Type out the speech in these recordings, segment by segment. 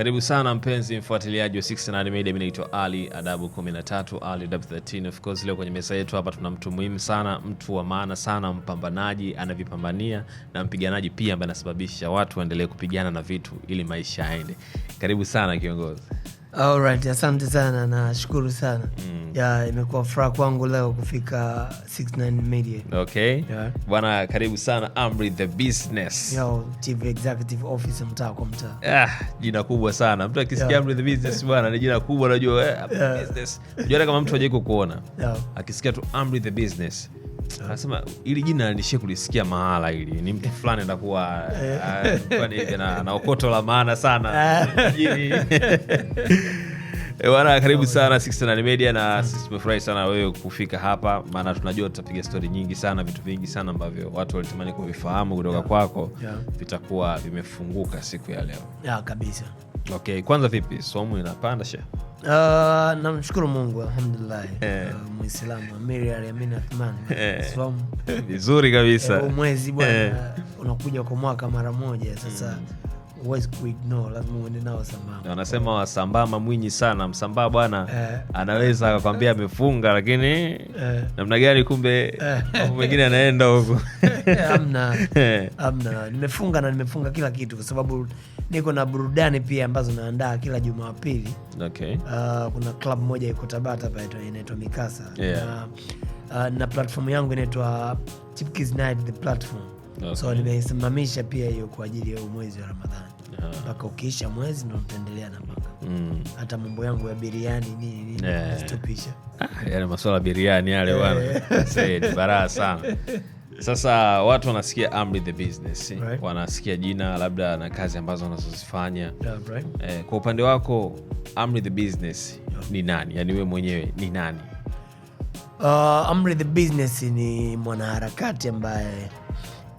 Karibu sana mpenzi mfuatiliaji wa 69 Media, mimi naitwa Ali Adabu 13, Ali Adabu 13. Of course leo kwenye meza yetu hapa tuna mtu muhimu sana, mtu wa maana sana, mpambanaji anavipambania na mpiganaji pia ambaye anasababisha watu waendelee kupigana na vitu ili maisha yaende. Karibu sana kiongozi. Alright, asante sana, na shukuru sana mm. Ya, imekuwa furaha kwangu leo kufika 69 Media. Okay. Yeah. Bwana karibu sana Amri the Business. Yo, Chief Executive Officer mtaa kwa mtaa. Ah, jina kubwa sana. Mtu akisikia yeah. Amri the Business bwana ni jina kubwa unajua eh, yeah. business. Unajua kama mtu hajaiko kuona. Yeah. Akisikia tu Amri the Business anasema ili jina nishie kulisikia mahala, ili ni mtu fulani atakuwa eh. na okoto la maana sana eh. Eh, Bwana, karibu sana 69 Media na sisi tumefurahi sana wewe kufika hapa, maana tunajua tutapiga stori nyingi sana, vitu vingi sana ambavyo watu walitamani kuvifahamu kutoka yeah. kwako yeah. vitakuwa vimefunguka siku ya leo yeah, kabisa. Okay, kwanza vipi somu inapanda shehe? Uh, namshukuru Mungu alhamdulilah yeah. Uh, Muislamu Amiri Aliamini Athman eh. vizuri yeah. kabisa eh, mwezi bwana yeah. unakuja kwa mwaka mara moja sasa mm huwezi kuignore, lazima uende nao sambamba. Wanasema wasambamba Mwinyi sana msambaa bwana eh, anaweza akakwambia amefunga lakini eh, namna gani kumbe eh. mambo mengine anaenda huku amna eh. amna, nimefunga na nimefunga kila kitu kwa sababu niko na burudani pia ambazo naandaa kila Jumapili. Okay. Uh, kuna club moja iko Tabata inaitwa Mikasa. Yeah. Na, uh, na platform yangu inaitwa Night the platform okay. So nimeisimamisha pia hiyo kwa ajili ya mwezi wa Ramadhani mpaka ukiisha mwezi ndo na mpaka mm. hata mambo yangu ya biriani nini nini yeah. Eh. yale maswala ya biriani yale bwana eh. ni sana sasa watu wanasikia Amri the Business right. wanasikia jina labda na kazi ambazo wanazozifanya right. eh, kwa upande wako Amri the Business yeah. ni nani yani wewe mwenyewe ni nani uh, Amri the Business ni mwanaharakati ambaye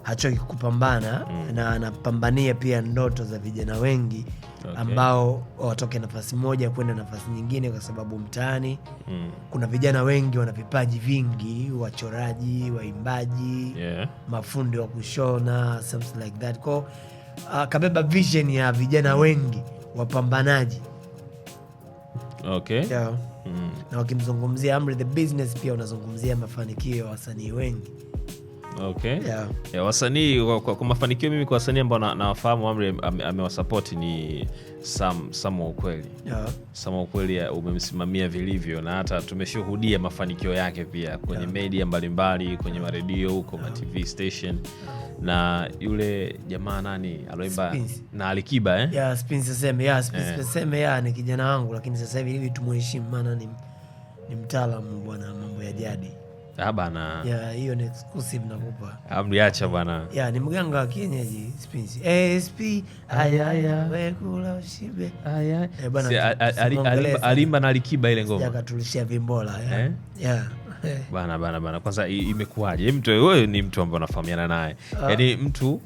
hachoki kupambana mm. na anapambania pia ndoto za vijana wengi okay. ambao watoke nafasi moja kwenda nafasi nyingine, kwa sababu mtaani mm. kuna vijana wengi wana vipaji vingi, wachoraji, waimbaji, yeah. mafundi wa kushona something like that. ko uh, ah, kabeba vision ya vijana wengi wapambanaji okay. yeah. mm. na wakimzungumzia Amri the Business pia unazungumzia mafanikio ya wasanii wengi okay. yeah. yeah, wasanii kwa, kwa, kwa mafanikio mimi kwa wasanii ambao nawafahamu na Amri amewasapoti ni Sam, Sam wa ukweli yeah. Sam wa ukweli uh, umemsimamia vilivyo na hata tumeshuhudia mafanikio yake pia kwenye yeah. media mbalimbali kwenye maredio huko yeah. matv station yeah na yule jamaa nani aloimba na Alikiba eh? yeah, seme, yeah, yeah. Seme, yeah, ni kijana wangu, lakini sasa hivi hivi tumuheshimu, maana ni, ni mtaalamu bwana mambo ya jadi Ah, bana. Ya hiyo ni exclusive nakupa. Amliacha bana. Ya ni mganga wa kienyeji Spinzi. Eh SP haya haya wewe kula ushibe. Haya. Eh bana. Alimba na Alikiba ile ngoma. Yakatulishia vimbola ya. Eh? Ya. Bana bana bana. Kwanza imekuwaje? Mtu wewe ni mtu ambaye unafahamiana naye. Ah. Yaani mtu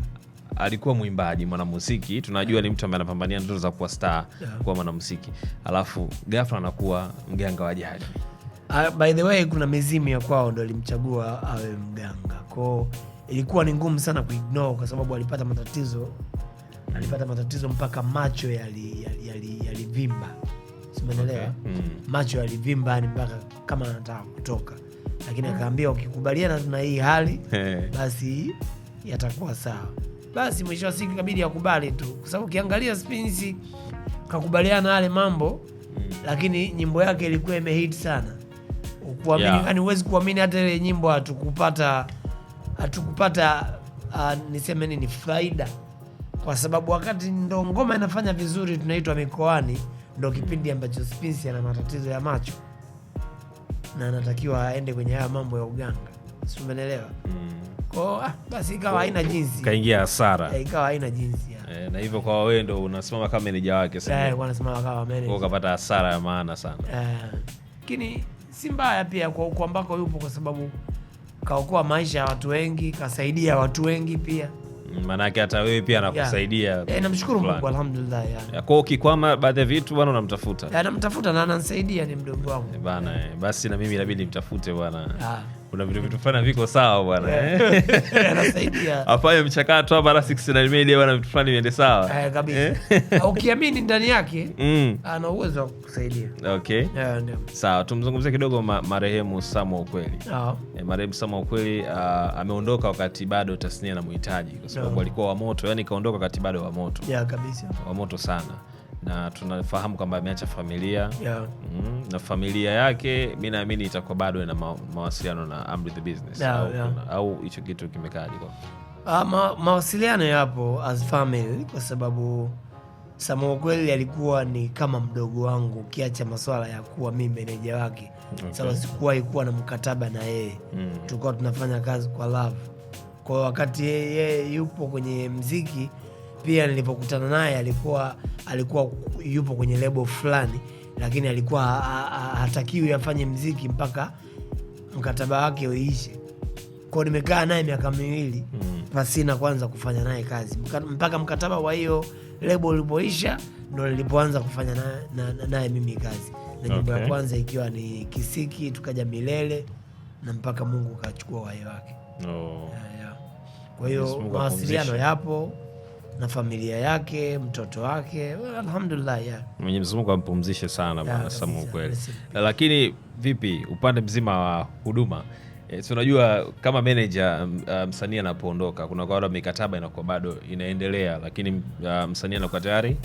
alikuwa mwimbaji mwanamuziki, tunajua ni mtu ambaye anapambania ndoto za kuwa star, kuwa mwanamuziki, alafu ghafla anakuwa mganga wa jadi. Ah, by the way kuna mizimu ya kwao ndo alimchagua awe mganga kwao, ilikuwa ni ngumu sana kuignore kwa sababu alipata matatizo, alipata matatizo mpaka macho yalivimba simenelewa. Okay. Mm. Macho yalivimba ni mpaka kama anataka kutoka, lakini mm. akaambia ukikubaliana na hii hali hey, basi yatakuwa sawa. Basi mwisho wa siku kabidi akubali tu, kwa sababu ukiangalia spinsi kakubaliana yale mambo mm, lakini nyimbo yake ilikuwa imehit sana kuamini yeah. huwezi kuamini hata ile nyimbo hatukupata hatukupata uh, niseme nini faida, kwa sababu wakati ndo ngoma inafanya vizuri tunaitwa mikoani, ndo kipindi ambacho Spinsi ana matatizo ya macho na anatakiwa aende kwenye haya mambo ya uganga, si mm. ah, basi ikawa haina jinsi, kaingia hasara, eh, ikawa haina jinsi eh, na hivyo kwa unasimama kama meneja wake sasa, eh, kama meneja, ukapata hasara ya maana sana si mbaya pia kwa huko ambako yupo, kwa sababu kaokoa maisha ya watu wengi, kasaidia watu wengi pia maanake hata wewe pia anakusaidia. Eh, namshukuru Mungu, alhamdulillah. Kwa ukikwama baadhi ya vitu bwana, unamtafuta, namtafuta na anansaidia, ni mdogo wangu eh, bana. Eh, basi na mimi inabidi nimtafute bwana. Ah kuna vitu vitu fulani viko sawa bwana, eh? anasaidia afanye mchakato hapa la 69 media bwana, vitu fulani viende sawa eh, kabisa, eh? ukiamini ndani yake mm. ana uwezo wa kukusaidia. Okay, sawa, tumzungumzie kidogo marehemu Samuel Kweli. Ah. Marehemu Samuel ukweli ah, ameondoka wakati bado tasnia na muhitaji, kwa sababu ah. alikuwa wa moto, yani kaondoka wakati bado wa moto, yeah kabisa, wa moto sana na tunafahamu kwamba ameacha familia yeah. mm, mm-hmm. na familia yake mi naamini itakuwa bado ina mawasiliano na Amri the Business yeah, au yeah. hicho kitu kimekaaje? Uh, ma, mawasiliano yapo as family kwa sababu Samuel kweli alikuwa ni kama mdogo wangu, ukiacha maswala ya kuwa mi meneja wake okay. Sababu sikuwahi kuwa na mkataba na yeye mm. Tulikuwa tunafanya kazi kwa love. Kwa wakati yeye yupo kwenye mziki pia nilipokutana naye alikuwa alikuwa yupo kwenye lebo fulani, lakini alikuwa hatakiwi afanye mziki mpaka mkataba wake uishe. Kwao nimekaa naye miaka miwili mm. pasina kwanza kufanya naye kazi mpaka mkataba wa hiyo lebo ulipoisha, ndo nilipoanza kufanya naye na, na, na mimi kazi na nyimbo okay. ya kwanza ikiwa ni Kisiki, tukaja Milele na mpaka Mungu ukachukua wai wake. oh. yeah, yeah. Kwa hiyo mawasiliano yapo na familia yake, mtoto wake, alhamdulillah. Mwenyezi Mungu ampumzishe sana bwana Samu kweli. Lakini vipi upande mzima wa huduma e, eh, tunajua kama manager uh, msanii anapoondoka kuna kwa mikataba inakuwa bado inaendelea, lakini uh, msanii anakuwa tayari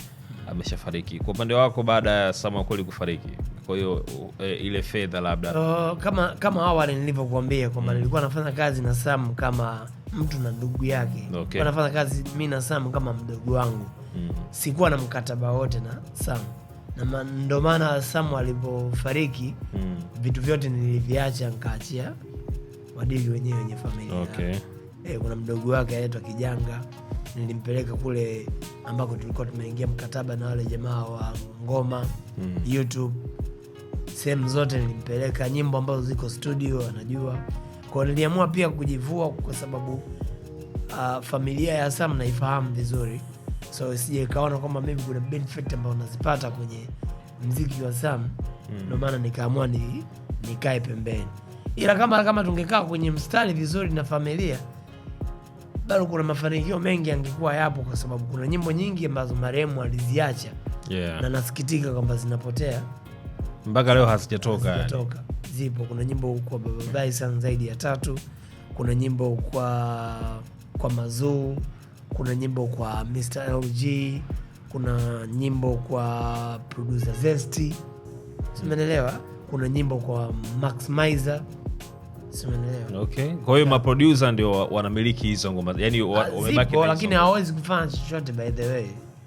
ameshafariki. Kwa upande wako baada ya Samu kweli kufariki, kwa hiyo e, ile fedha labda, uh, kama kama awali nilivyokuambia kwamba mm, nilikuwa nafanya kazi na Samu kama mtu na ndugu yake okay. anafanya kazi mi na Sam kama mdogo wangu mm. Sikuwa na mkataba wote na Sam na ndo maana Sam alipofariki mm. Vitu vyote niliviacha nkaachia wadili wenyewe wenye familia okay. E, kuna mdogo wake anaitwa Kijanga nilimpeleka kule ambako tulikuwa tumeingia mkataba na wale jamaa wa ngoma mm. YouTube sehemu zote nilimpeleka, nyimbo ambazo ziko studio anajua kwa niliamua pia kujivua kwa sababu uh, familia ya Sam naifahamu vizuri, so sije ikaona kwamba mimi kuna benefit ambayo nazipata kwenye mziki wa Sam mm. Ndo maana nikaamua ni, nikae pembeni, ila kama kama tungekaa kwenye mstari vizuri na familia bado kuna mafanikio mengi yangekuwa yapo, kwa sababu kuna nyimbo nyingi ambazo marehemu aliziacha yeah. Na nasikitika kwamba zinapotea mpaka leo hazijatoka zipo. Kuna nyimbo kwa Bababaisa zaidi ya tatu, kuna nyimbo kwa kwa Mazuu, kuna nyimbo kwa Mr LG, kuna nyimbo kwa producer Zesty, simenelewa. Kuna nyimbo kwa Max Maiza Okay, kwa hiyo maproducer ndio wanamiliki hizo ngoma, yani ah, wamebaki, lakini hawawezi kufanya chochote by the way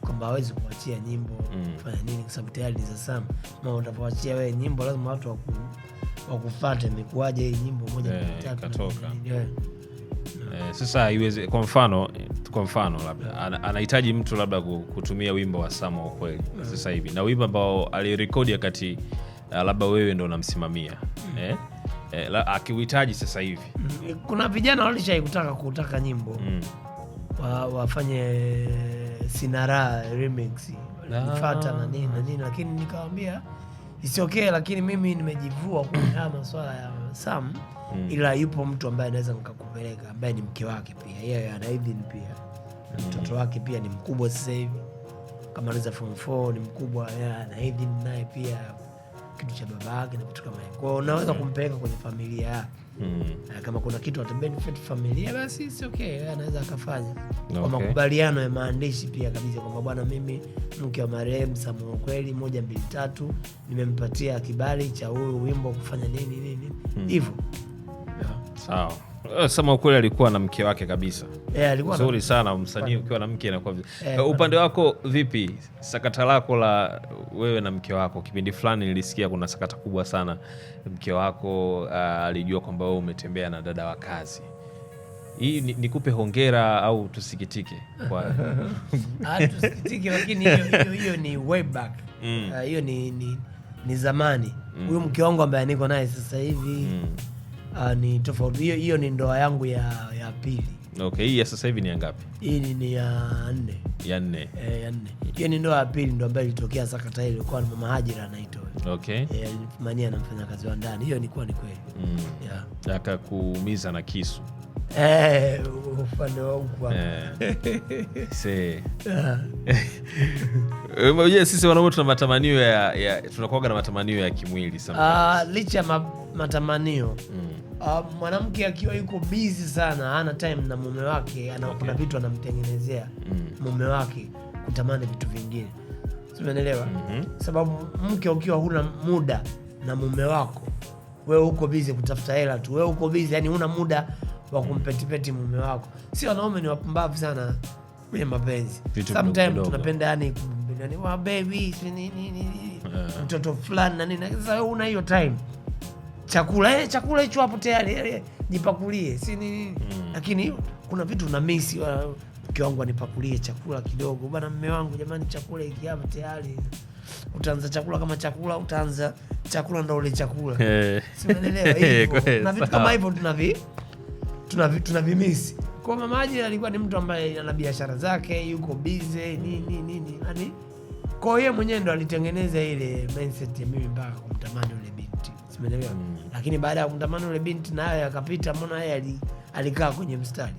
kwamba awezi kuachia nyimbo mm. nini, kwa sababu tayari ni za ma utapowachia nyimbo, lazima watu waku, wakufate imekuwaje hii nyimbo moja eh, eh, Sasa iweze, kwa mfano kwa mfano labda anahitaji mtu labda kutumia wimbo wa sama wa kweli mm. sasa hivi na wimbo ambao alirekodi wakati eh, labda wewe ndo unamsimamia mm. eh? Eh, akiuhitaji sasa hivi mm. kuna vijana walishai kutaka kutaka nyimbo mm. wa, wafanye sina nanini remix ah. nifata na nini na nini, lakini nikawambia isiokee okay, lakini mimi nimejivua kwenye haya maswala ya Sam mm. ila yupo mtu ambaye anaweza nikakupeleka, ambaye ni mke wake pia, yeye ana Aidin pia na mm. mtoto wake pia ni mkubwa sasa hivi, anaweza form 4 ni mkubwa, ana Aidin naye pia kitu cha baba yake na vitu kama hivyo, unaweza kumpeleka kwenye familia yake mm. Ah, kama kuna kitu atabenefit familia basi si okay, anaweza akafanya okay. Kwa makubaliano ya maandishi pia kabisa kwamba bwana, mimi mke wa marehemu Samuel kweli moja mbili tatu nimempatia kibali cha huyu wimbo kufanya nini nini mm. hivyo mm. yeah. sawa Eh, Sama ukweli alikuwa na mke wake kabisa. Yeah, sana msanii ukiwa na mke inakuwa yeah. Eh, upande wako vipi sakata lako la wewe na mke wako? Kipindi fulani nilisikia kuna sakata kubwa sana, mke wako ah, alijua kwamba wewe umetembea na dada wa kazi. Hii nikupe ni hongera au tusikitike? Kwa ah, tusikitike, lakini hiyo ni way back mm. Ah, hiyo mm. Uh, ni, ni, ni zamani mm. huyu mm. mke wangu ambaye niko naye sasa hivi mm uh, ni tofauti hiyo. Hiyo ni ndoa yangu ya, ya pili. Okay, hii ya sasa hivi ni ya ngapi? Hii ni ya nne. Ya nne. Eh, ya nne. Hiyo ni ndoa ya pili ndo ambayo ilitokea sakata ile ilikuwa na mama Hajira anaitwa. Okay. Eh, mania anamfanya kazi wa ndani. Hiyo ni ni kweli. Mm. Yeah. Akakuumiza na kisu. Eh, upande wangu eh. Ah. Eh, unajua sisi wanaume tuna matamanio ya, ya na matamanio ya kimwili sana. Uh, licha ya matamanio mm. Uh, mwanamke akiwa yuko bizi sana hana time na mume wake ana, okay. Kuna vitu anamtengenezea mm. mume wake kutamani vitu vingine simenelewa mm -hmm. Sababu mke ukiwa huna muda na mume wako, wewe uko bizi kutafuta hela tu, wewe uko bizi yani huna muda wa kumpetipeti mume wako. Si wanaume ni wapumbavu sana kwenye mapenzi, sometimes tunapenda yani yani wa baby si nini nini eh. mtoto fulani na nini. Sasa wewe una hiyo time, chakula eh, chakula hicho hapo tayari, eh, eh, jipakulie si nini, mm. lakini kuna vitu una miss mke wangu anipakulie chakula kidogo bwana, mme wangu jamani, chakula hiki hapo tayari. Utaanza chakula kama chakula, utaanza chakula ndo ule chakula, si unaelewa hivyo, na vitu kama hivyo tunavi tunavimisi. Kwa mamaji alikuwa ni mtu ambaye ana biashara zake, yuko bize nini nini, yani kwa hiyo mwenyewe ndo alitengeneza ile mindset ya mimi mpaka kumtamani ule binti, simeelewa mm. Lakini baada ya kumtamani ule binti na hayo yakapita, mbona yeye alikaa kwenye mstari.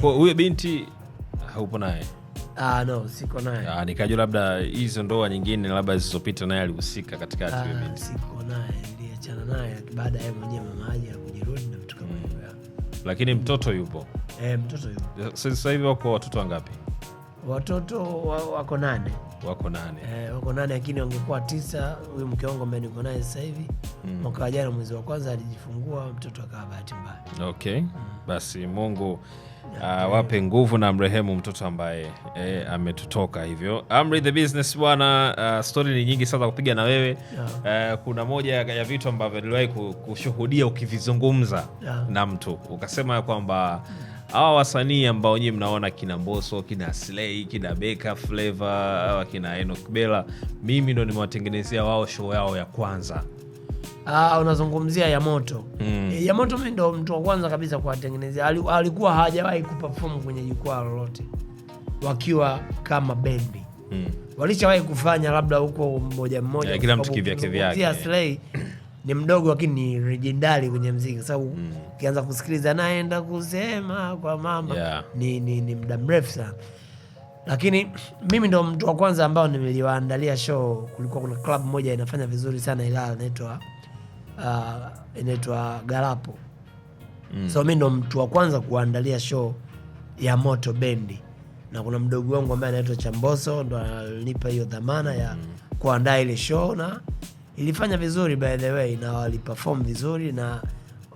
Kwa huyo binti haupo ah, naye? Ah, no, siko naye. Ah, nikajua labda hizo ndoa nyingine labda zilizopita naye alihusika katikati. Ah, siko naye, iliachana naye baada ya mwenyewe mama Haji alikujirudi na lakini mtoto yupo e, mtoto yupo. Sasa hivi wako watoto wangapi? Watoto wako nane wako nane e, wako nane, lakini wangekuwa tisa. Huyu mke wangu ambaye niko naye sasa hivi mm. mwaka mm. wa jana mwezi wa kwanza alijifungua mtoto akawa bahati mbaya. Okay mm. basi Mungu awape ah, uh, nguvu na mrehemu mtoto ambaye eh, ametutoka hivyo. Amri the business bwana, uh, ah, stori ni nyingi sana kupiga na wewe yeah. uh, kuna moja ya vitu ambavyo niliwahi kushuhudia ukivizungumza yeah. na mtu ukasema ya kwamba mm hawa wasanii ambao nyie mnaona kina mboso kina Slay, kina Beka Flava, kina Enoch Bella, mimi ndo nimewatengenezea wao show yao ya kwanza. Uh, unazungumzia Yamoto. Mm. E, Yamoto mi ndo mtu wa kwanza kabisa kuwatengenezea, alikuwa hajawahi kuperform kwenye jukwaa lolote wakiwa kama bendi. Mm. Walishawahi kufanya labda huko mmoja mmoja, eh, kila mtu kivyake vyake. Slay ni mdogo lakini ni legendary kwenye mziki kwa sababu mm. ukianza kusikiliza naenda kusema kwa mama yeah. ni, ni, ni muda mrefu sana lakini mimi ndo mtu wa kwanza ambao niliwaandalia show. Kulikuwa kuna klabu moja inafanya vizuri sana Ilala, inaitwa uh, inaitwa Galapo mm. so mi ndo mtu wa kwanza kuwaandalia show ya Moto Bendi, na kuna mdogo wangu ambaye anaitwa Chamboso ndo ananipa hiyo dhamana ya mm. kuandaa ile show na ilifanya vizuri by the way, na waliperform vizuri, na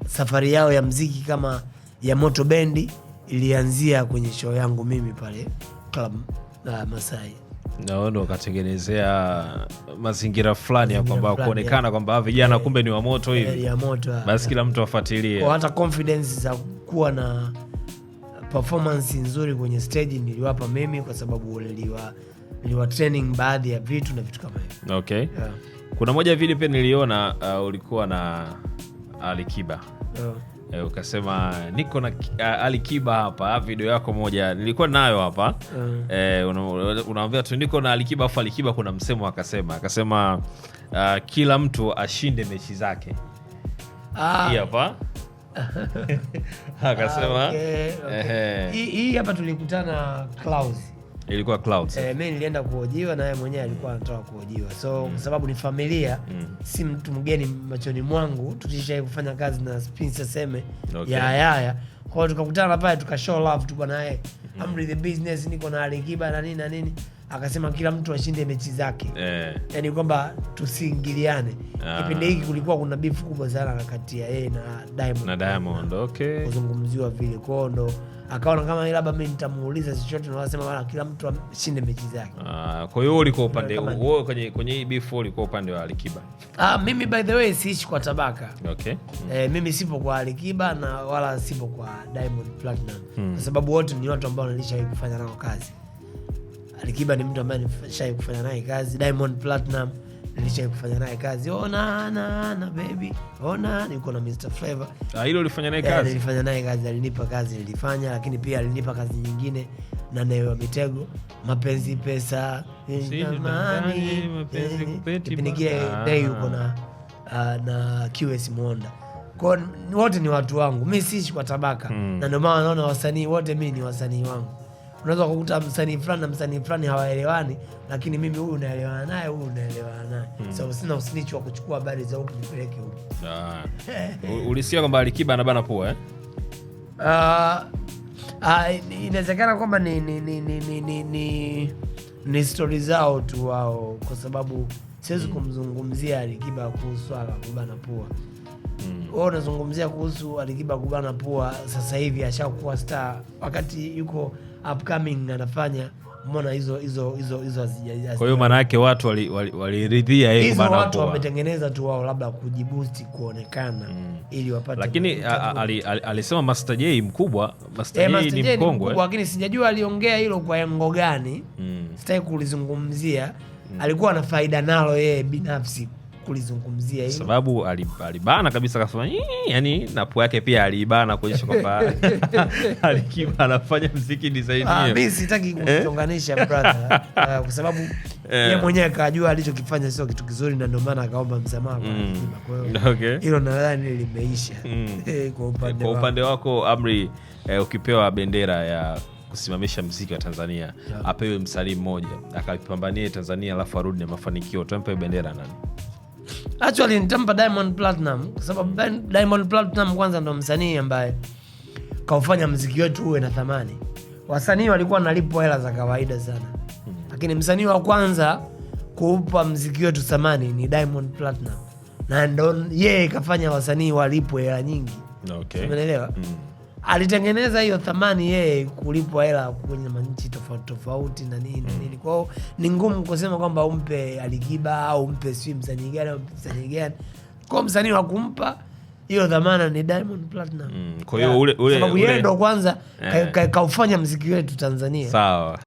safari yao ya mziki kama ya Moto Bendi ilianzia kwenye show yangu mimi pale club la Masai nao ndo wakatengenezea mazingira fulani ya kwamba kuonekana kwamba ah, vijana kumbe ni wamoto hivi ya moto, basi kila mtu afuatilie. Hata confidence za kuwa na performance nzuri kwenye stage niliwapa mimi, kwa sababu niliwa, niliwa training baadhi ya vitu na vitu kama hivyo okay. yeah. Kuna moja vile pia niliona uh, ulikuwa na Alikiba uh. E, eh, ukasema niko na uh, Alikiba hapa, video yako moja nilikuwa nayo hapa uh. E, unaambia tu niko na Alikiba afu Alikiba kuna msemo akasema akasema uh, kila mtu ashinde mechi zake ah. Hii hapa akasema ah, hii hapa tulikutana ilikuwa Eh, mimi nilienda kuojiwa na yeye mwenyewe alikuwa anatoka kuojiwa, so mm. kwa sababu ni familia mm. si mtu mgeni machoni mwangu, tulishawahi kufanya kazi na Spinsa Seme okay. ya Yaya, kwa hiyo tukakutana pale tukashow love tu bwana, yeye mm. amri the business, niko na Alikiba na nini na nini akasema kila mtu ashinde mechi zake eh. Yani kwamba tusiingiliane. ah. Kipindi hiki kulikuwa kuna bifu kubwa sana kati ya yeye na Diamond na Diamond, okay, kuzungumziwa vile kwao, ndo akaona kama labda mi nitamuuliza chochote, nawasema wasema bana, kila mtu ashinde mechi zake. Ah, kwa hiyo ulikuwa upande wewe kwenye kwenye hii bifu, ulikuwa upande wa Alikiba? Ah, mimi by the way siishi kwa tabaka okay. Eh, mimi sipo kwa Alikiba na wala sipo kwa Diamond Platinum hmm. kwa sababu wote ni watu ambao nilishawahi kufanya nao kazi Alikiba ni mtu ambaye nishai kufanya naye kazi. Diamond Platinum nilishai kufanya naye kazi. Ona na na baby. Ona niko na Mr Flavor. Ah, hilo ulifanya naye eh, kazi? Nilifanya naye kazi, alinipa kazi nilifanya, lakini pia alinipa kazi nyingine na naye wa Mitego, Mapenzi Pesa, Jamani, Mapenzi Kupeti. Kipindi kile ah. yuko na ah, na QS Monda. Kwa wote ni watu wangu. Mimi siishi kwa tabaka. Hmm. Na ndio maana naona wasanii wote mimi ni wasanii wangu unaweza kukuta msanii fulani na msanii fulani hawaelewani, lakini mimi huyu naelewana naye, huyu naelewana naye Sababu hmm. So sina usinichi wa kuchukua habari za huku nipeleke huku. Ah. Ulisikia kwamba Alikiba anabana pua eh? Uh, uh, inawezekana kwamba ni ni ni ni ni, ni, ni, ni stori zao tu wao, kwa sababu siwezi hmm. kumzungumzia Alikiba kuhusu swala kubana pua hmm. wewe unazungumzia kuhusu Alikiba kubana pua, sasa hivi ashakuwa star wakati yuko upcoming anafanya mbona hizo hizo hizo hizo Kwa hiyo maana yake watu waliridhia wali, wali hizo watu wametengeneza tu wao labda kujiboost kuonekana mm. ili wapate. Lakini alisema Master Jay mkubwa, Master eh, Jay ni mkongwe, lakini sijajua aliongea hilo kwa engo gani mm. sitaki kulizungumzia mm. alikuwa na faida nalo yeye binafsi kulizungumzia hili sababu alibana kabisa, kasema, yani napo yake pia aliibana kuonyesha kwamba Alikiba anafanya mziki design hiyo. Ah, mimi sitaki eh? kuchonganisha brother, eh, kwa sababu eh. yeye mwenyewe akajua alichokifanya sio kitu kizuri, na ndio maana akaomba msamaha. Kwa mm. hiyo hilo nadhani limeisha. Mm. Kwa upande wako Amri, eh, ukipewa bendera ya kusimamisha mziki wa Tanzania yeah, apewe msanii mmoja akapambanie Tanzania alafu arudi na mafanikio, utampe bendera nani? actually nitampa Diamond Platinum kwa sababu Diamond Platinum kwanza ndo msanii ambaye kaufanya mziki wetu uwe na thamani. Wasanii walikuwa nalipwa hela za kawaida sana, hmm. lakini msanii wa kwanza kuupa mziki wetu thamani ni Diamond Platinum, na ndo yeye kafanya wasanii walipwe hela nyingi. Okay. Umeelewa? mm alitengeneza hiyo thamani yeye kulipwa hela kwenye manchi tofauti tofauti na nini na nini. kwao, ni ngumu kusema kwamba umpe Alikiba au umpe si msanii gani au msanii gani, kwa msanii wa kumpa hiyo dhamana ni Diamond Platinum. Mm, kwa hiyo ule ule sababu yeye ndo kwanza eh. kaufanya ka, ka mziki wetu Tanzania. Sawa.